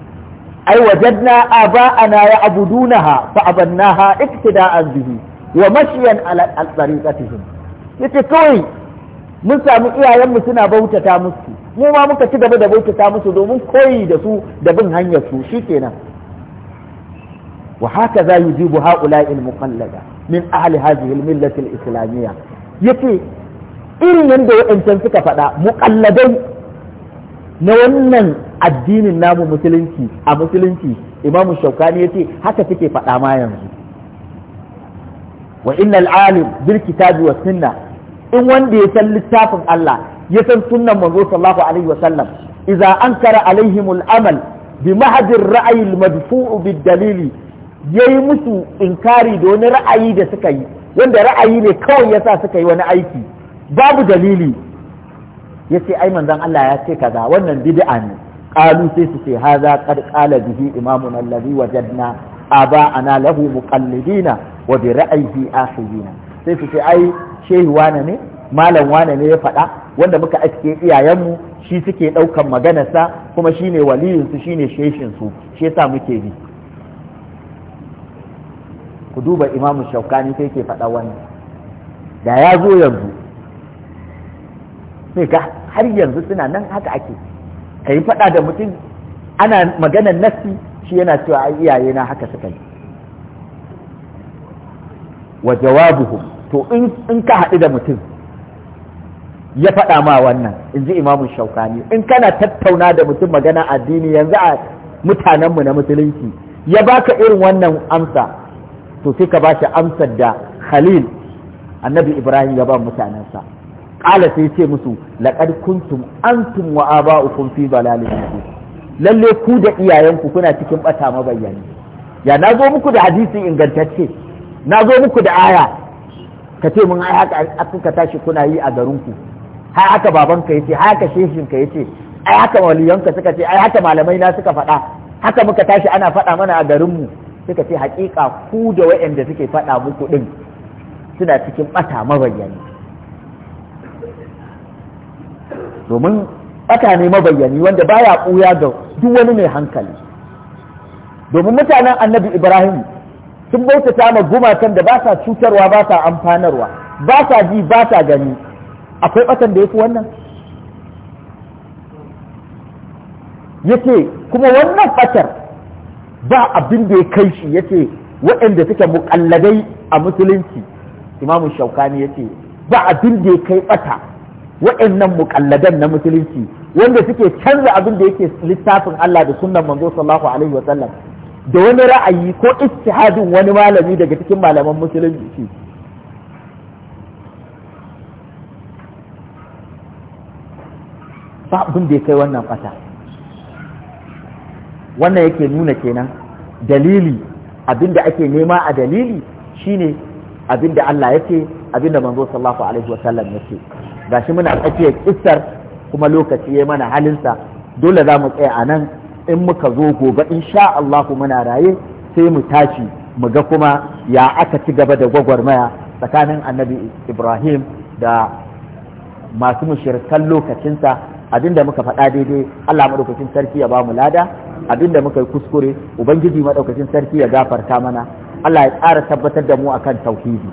ai wajadna ana ya abudunaha fa abannaha iktida'an bihi wa mashiyan ala al-tariqatihim yace kawai mun samu iyayenmu suna bautata musu mu ma muka ci gaba da bautata musu domin koyi da su da bin hanyar su shikenan وهكذا يجيب هؤلاء المقلدة من أهل هذه الملة الإسلامية يتي irin yadda waɗancan suka faɗa muƙalladai na wannan addinin namu musulunci a musulunci Imam shaukani ya ce haka suke faɗa ma yanzu wa innal alim bil kitabi wa sunna in wanda ya san littafin Allah ya san sunnan manzo sallallahu alaihi wa sallam idza ankara alaihim al amal bi mahad ar ra'yi al madfu'u bid dalili ya yi musu inkari da wani ra'ayi da suka yi wanda ra'ayi ne kawai ya sa suka yi wani aiki babu dalili ya ce ai manzan Allah ya ce kaza wannan bid'a ne qalu sai su ce haza qad qala bihi imamun allazi wajadna aba ana lahu muqallidina wa bi ra'yihi akhidina sai su ce ai shehi wane ne malam wane ne ya faɗa wanda muka aske iyayenmu shi suke ɗaukan maganarsa kuma shine waliyinsu shine sheshinsu shi yasa muke bi ku duba imamu shaukani sai ke faɗa wannan da ya zo yanzu sai ga har yanzu suna nan haka ake ka yi faɗa da mutum ana maganar nassi shi yana cewa a iyaye na haka suka yi wa jawabuhu to in ka haɗu da mutum ya faɗa ma wannan in ji imamun shaukani in kana tattauna da mutum magana addini yanzu a mutanenmu na musulunci ya baka irin wannan amsa to sai ka shi amsar da khalil annabi ibrahim ya ba mutanensa Kala sai ce musu laqad kuntum antum wa aba'ukum fi dalalin mubin lalle ku da iyayenku kuna cikin bata mabayani. ya na zo muku da hadisi ingantacce na zo muku da aya ka ce mun haka kuka tashi kuna yi a garinku har haka babanka yace har haka sheshinka yace ai haka waliyanka suka ce ai haka malamai na suka faɗa haka muka tashi ana faɗa mana a garinmu suka ce hakika ku da waɗanda suke faɗa muku ɗin suna cikin ɓata mabayyani domin ɓata ne mabayyani wanda baya ɓuya ga duk wani mai hankali domin mutanen annabi ibrahim sun bautata ma gumakan da ba sa cutarwa ba sa amfanarwa ba sa ji ba sa gani akwai ɓatan da ya fi wannan yake kuma wannan ɓatar ba abin da ya kai shi ce, waɗanda suke muƙalladai a musulunci imamu shaukani ce, ba abin da ya kai bata waɗannan muƙalladan na musulunci wanda suke canza abin da yake littafin Allah da sunnan manzo sallallahu alaihi wa sallam da wani ra'ayi ko istihadin wani malami daga cikin malaman musulunci ba abin da ya kai wannan fata wannan yake nuna kenan dalili abinda ake nema a dalili shine abinda Allah yake abinda manzo sallallahu alaihi sallam yake gashi muna tsakiyar kissar kuma lokaci ya mana halinsa dole za mu tsaya anan in muka zo gobe insha Allah muna raye sai mu tashi mu ga kuma ya aka ci gaba da gwagwarmaya tsakanin annabi Ibrahim da masu mushirkan lokacinsa abinda muka faɗa daidai Allah madaukakin sarki ya ba mu lada abinda muka yi kuskure ubangiji maɗaukacin sarki ya gafarta mana Allah ya ƙara tabbatar da mu akan tauhidi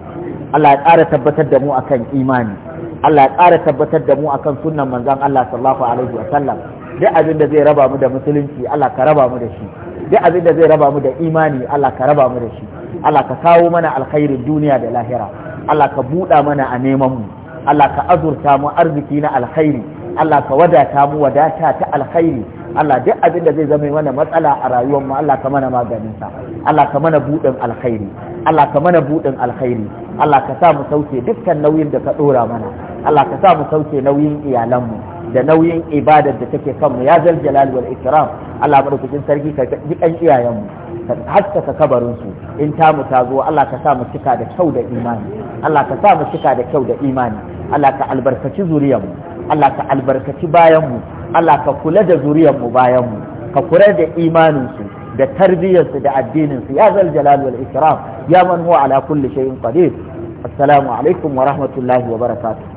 Allah ya ƙara tabbatar da mu akan imani Allah ya ƙara tabbatar da mu akan sunnan manzon Allah sallallahu alaihi wa sallam duk abin da zai raba mu da musulunci Allah ka raba mu da shi duk abin da zai raba mu da imani Allah ka raba mu da shi Allah ka kawo mana alkhairin duniya da lahira Allah ka buɗa mana a neman mu Allah ka azurta mu arziki na alkhairi Allah ka wadata mu wadata ta alkhairi Allah duk abin da zai zama mana matsala a rayuwar mu Allah ka mana maganin sa Allah ka mana budin alkhairi Allah ka mana budin alkhairi Allah ka sa mu sauke dukkan nauyin da ka dora mana Allah ka sa mu sauke nauyin iyalan mu da nauyin ibadar da take kanmu ya zal jalal wal ikram Allah madaukakin sarki ka ji kan iyayen mu ka haskaka kabarin su in ta mu ta zo Allah ka sa mu cika da kyau da imani Allah ka sa mu cika da kyau da imani Allah ka albarkaci zuriyar mu Allah ka albarkaci bayan mu Allah ka kula da zuriyar mu bayan mu ka kula da imanin su da tarbiyyar su da addinin su ya zal jalal wal ikram ya man huwa ala kulli shay'in qadir assalamu alaikum wa rahmatullahi wa barakatuh